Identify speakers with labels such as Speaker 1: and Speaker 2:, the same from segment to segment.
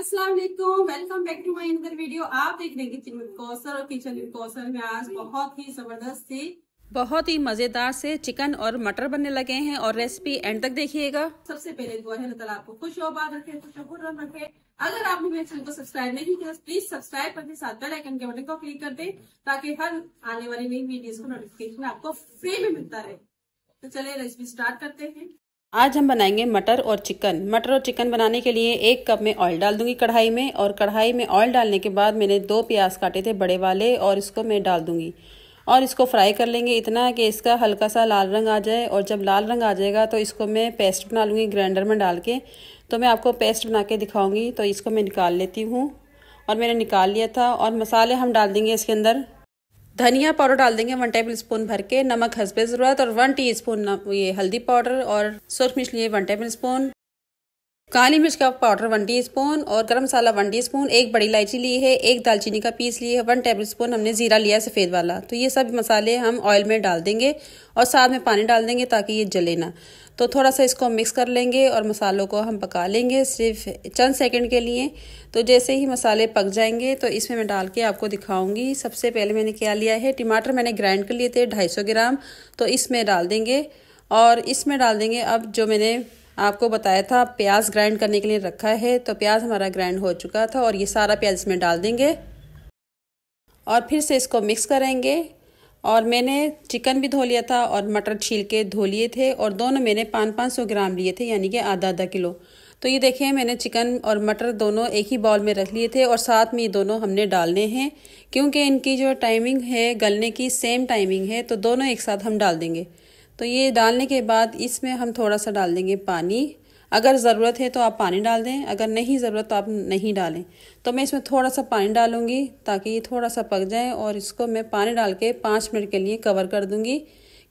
Speaker 1: Aslam welcome back to my अंदर video आप देख रहे हैं किचन विद कौशल और किचन विद कौशल में आज बहुत ही जबरदस्त थी बहुत ही मजेदार से चिकन और मटर बनने लगे हैं और रेसिपी एंड तक देखिएगा सबसे पहले दुआ है अल्लाह आपको खुश बात रखे खुश खुर्रम रखे अगर आपने मेरे चैनल को सब्सक्राइब नहीं किया प्लीज सब्सक्राइब करके साथ बेल आइकन के बटन को क्लिक कर दे ताकि हर आने वाली नई वीडियोस को नोटिफिकेशन आपको फ्री में मिलता रहे तो चले रेसिपी स्टार्ट करते हैं आज हम बनाएंगे मटर और चिकन मटर और चिकन बनाने के लिए एक कप में ऑयल डाल दूंगी कढ़ाई में और कढ़ाई में ऑयल डालने के बाद मैंने दो प्याज काटे थे बड़े वाले और इसको मैं डाल दूंगी और इसको फ्राई कर लेंगे इतना कि इसका हल्का सा लाल रंग आ जाए और जब लाल रंग आ जाएगा तो इसको मैं पेस्ट बना लूँगी ग्राइंडर में डाल के तो मैं आपको पेस्ट बना के दिखाऊँगी तो इसको मैं निकाल लेती हूँ और मैंने निकाल लिया था और मसाले हम डाल देंगे इसके अंदर धनिया पाउडर डाल देंगे वन टेबल स्पून भर के नमक हंसबे ज़रूरत और वन टी स्पून ये हल्दी पाउडर और सूर्ख मिर्च लिए वन टेबल स्पून काली मिर्च का पाउडर वन टीस्पून और गरम मसाला वन टीस्पून एक बड़ी इलायची ली है एक दालचीनी का पीस लिया है वन टेबल स्पून हमने ज़ीरा लिया सफ़ेद वाला तो ये सब मसाले हम ऑयल में डाल देंगे और साथ में पानी डाल देंगे ताकि ये जले ना तो थोड़ा सा इसको मिक्स कर लेंगे और मसालों को हम पका लेंगे सिर्फ चंद सेकंड के लिए तो जैसे ही मसाले पक जाएंगे तो इसमें मैं डाल के आपको दिखाऊंगी सबसे पहले मैंने क्या लिया है टमाटर मैंने ग्राइंड कर लिए थे ढाई ग्राम तो इसमें डाल देंगे और इसमें डाल देंगे अब जो मैंने आपको बताया था प्याज ग्राइंड करने के लिए रखा है तो प्याज हमारा ग्राइंड हो चुका था और ये सारा प्याज इसमें डाल देंगे और फिर से इसको मिक्स करेंगे और मैंने चिकन भी धो लिया था और मटर छील के धो लिए थे और दोनों मैंने पाँच पाँच सौ ग्राम लिए थे यानी कि आधा आधा किलो तो ये देखिए मैंने चिकन और मटर दोनों एक ही बाउल में रख लिए थे और साथ में ये दोनों हमने डालने हैं क्योंकि इनकी जो टाइमिंग है गलने की सेम टाइमिंग है तो दोनों एक साथ हम डाल देंगे तो ये डालने के बाद इसमें हम थोड़ा सा डाल देंगे पानी अगर ज़रूरत है तो आप पानी डाल दें अगर नहीं ज़रूरत तो आप नहीं डालें तो मैं इसमें थोड़ा सा पानी डालूँगी ताकि ये थोड़ा सा पक जाए और इसको मैं पानी डाल के पाँच मिनट के लिए कवर कर दूँगी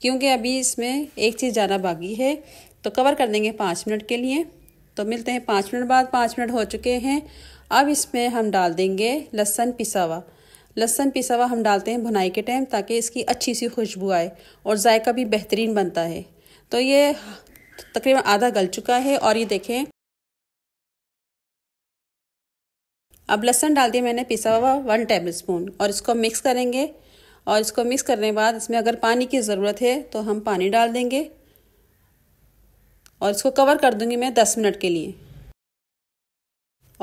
Speaker 1: क्योंकि अभी इसमें एक चीज़ ज़्यादा बाकी है तो कवर कर देंगे पाँच मिनट के लिए तो मिलते हैं पाँच मिनट बाद पाँच मिनट हो चुके हैं अब इसमें हम डाल देंगे लहसुन पिसावा लहसन पिसा हुआ हम डालते हैं भुनाई के टाइम ताकि इसकी अच्छी सी खुशबू आए और जायका भी बेहतरीन बनता है तो ये तकरीबन आधा गल चुका है और ये देखें अब लहसन डाल दिया मैंने पिसा हुआ वन टेबल स्पून और इसको मिक्स करेंगे और इसको मिक्स करने के बाद इसमें अगर पानी की ज़रूरत है तो हम पानी डाल देंगे और इसको कवर कर दूंगी मैं दस मिनट के लिए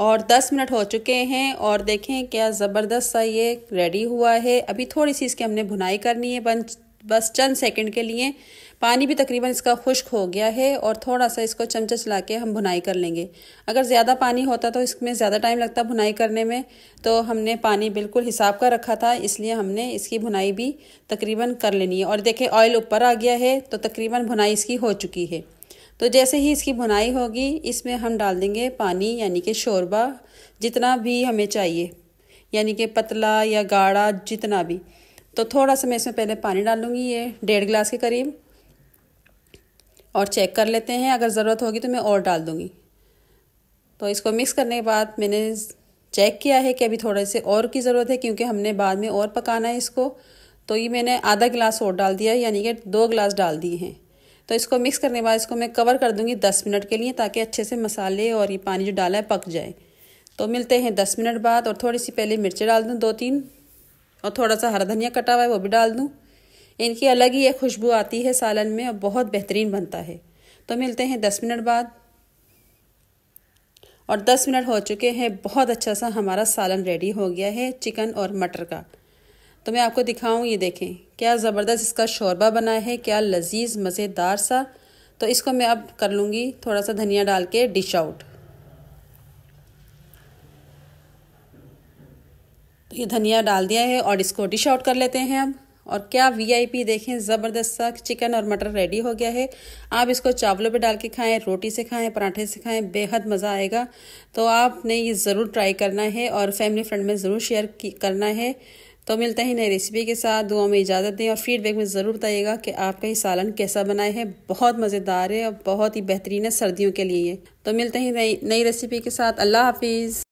Speaker 1: और 10 मिनट हो चुके हैं और देखें क्या ज़बरदस्त सा ये रेडी हुआ है अभी थोड़ी सी इसकी हमने भुनाई करनी है बन बस चंद सेकंड के लिए पानी भी तकरीबन इसका खुश्क हो गया है और थोड़ा सा इसको चमचा चला के हम भुनाई कर लेंगे अगर ज़्यादा पानी होता तो इसमें ज़्यादा टाइम लगता भुनाई करने में तो हमने पानी बिल्कुल हिसाब का रखा था इसलिए हमने इसकी भुनाई भी तकरीबन कर लेनी है और देखें ऑयल ऊपर आ गया है तो तकरीबन भुनाई इसकी हो चुकी है तो जैसे ही इसकी भुनाई होगी इसमें हम डाल देंगे पानी यानी कि शोरबा जितना भी हमें चाहिए यानी कि पतला या गाढ़ा जितना भी तो थोड़ा सा मैं इसमें पहले पानी डालूँगी ये डेढ़ गिलास के करीब और चेक कर लेते हैं अगर ज़रूरत होगी तो मैं और डाल दूँगी तो इसको मिक्स करने के बाद मैंने चेक किया है कि अभी थोड़े से और की ज़रूरत है क्योंकि हमने बाद में और पकाना है इसको तो ये मैंने आधा गिलास और डाल दिया यानी कि दो गिलास डाल दिए हैं तो इसको मिक्स करने के बाद इसको मैं कवर कर दूँगी दस मिनट के लिए ताकि अच्छे से मसाले और ये पानी जो डाला है पक जाए तो मिलते हैं दस मिनट बाद और थोड़ी सी पहले मिर्चें डाल दूँ दो तीन और थोड़ा सा हरा धनिया कटा हुआ है वो भी डाल दूँ इनकी अलग ही एक खुशबू आती है सालन में और बहुत बेहतरीन बनता है तो मिलते हैं दस मिनट बाद और दस मिनट हो चुके हैं बहुत अच्छा सा हमारा सालन रेडी हो गया है चिकन और मटर का तो मैं आपको दिखाऊं ये देखें क्या ज़बरदस्त इसका शोरबा बना है क्या लजीज मज़ेदार सा तो इसको मैं अब कर लूँगी थोड़ा सा धनिया डाल के डिश आउट तो ये धनिया डाल दिया है और इसको डिश आउट कर लेते हैं अब और क्या वीआईपी देखें ज़बरदस्त सा चिकन और मटर रेडी हो गया है आप इसको चावलों पे डाल के खाएं रोटी से खाएं पराठे से खाएं बेहद मज़ा आएगा तो आपने ये ज़रूर ट्राई करना है और फैमिली फ्रेंड में ज़रूर शेयर करना है तो मिलते हैं नई रेसिपी के साथ दुआ में इजाज़त दें और फीडबैक में ज़रूर बताइएगा कि आपका ये सालन कैसा बनाए है बहुत मज़ेदार है और बहुत ही बेहतरीन है सर्दियों के लिए तो मिलते हैं नई नई रेसिपी के साथ अल्लाह हाफिज़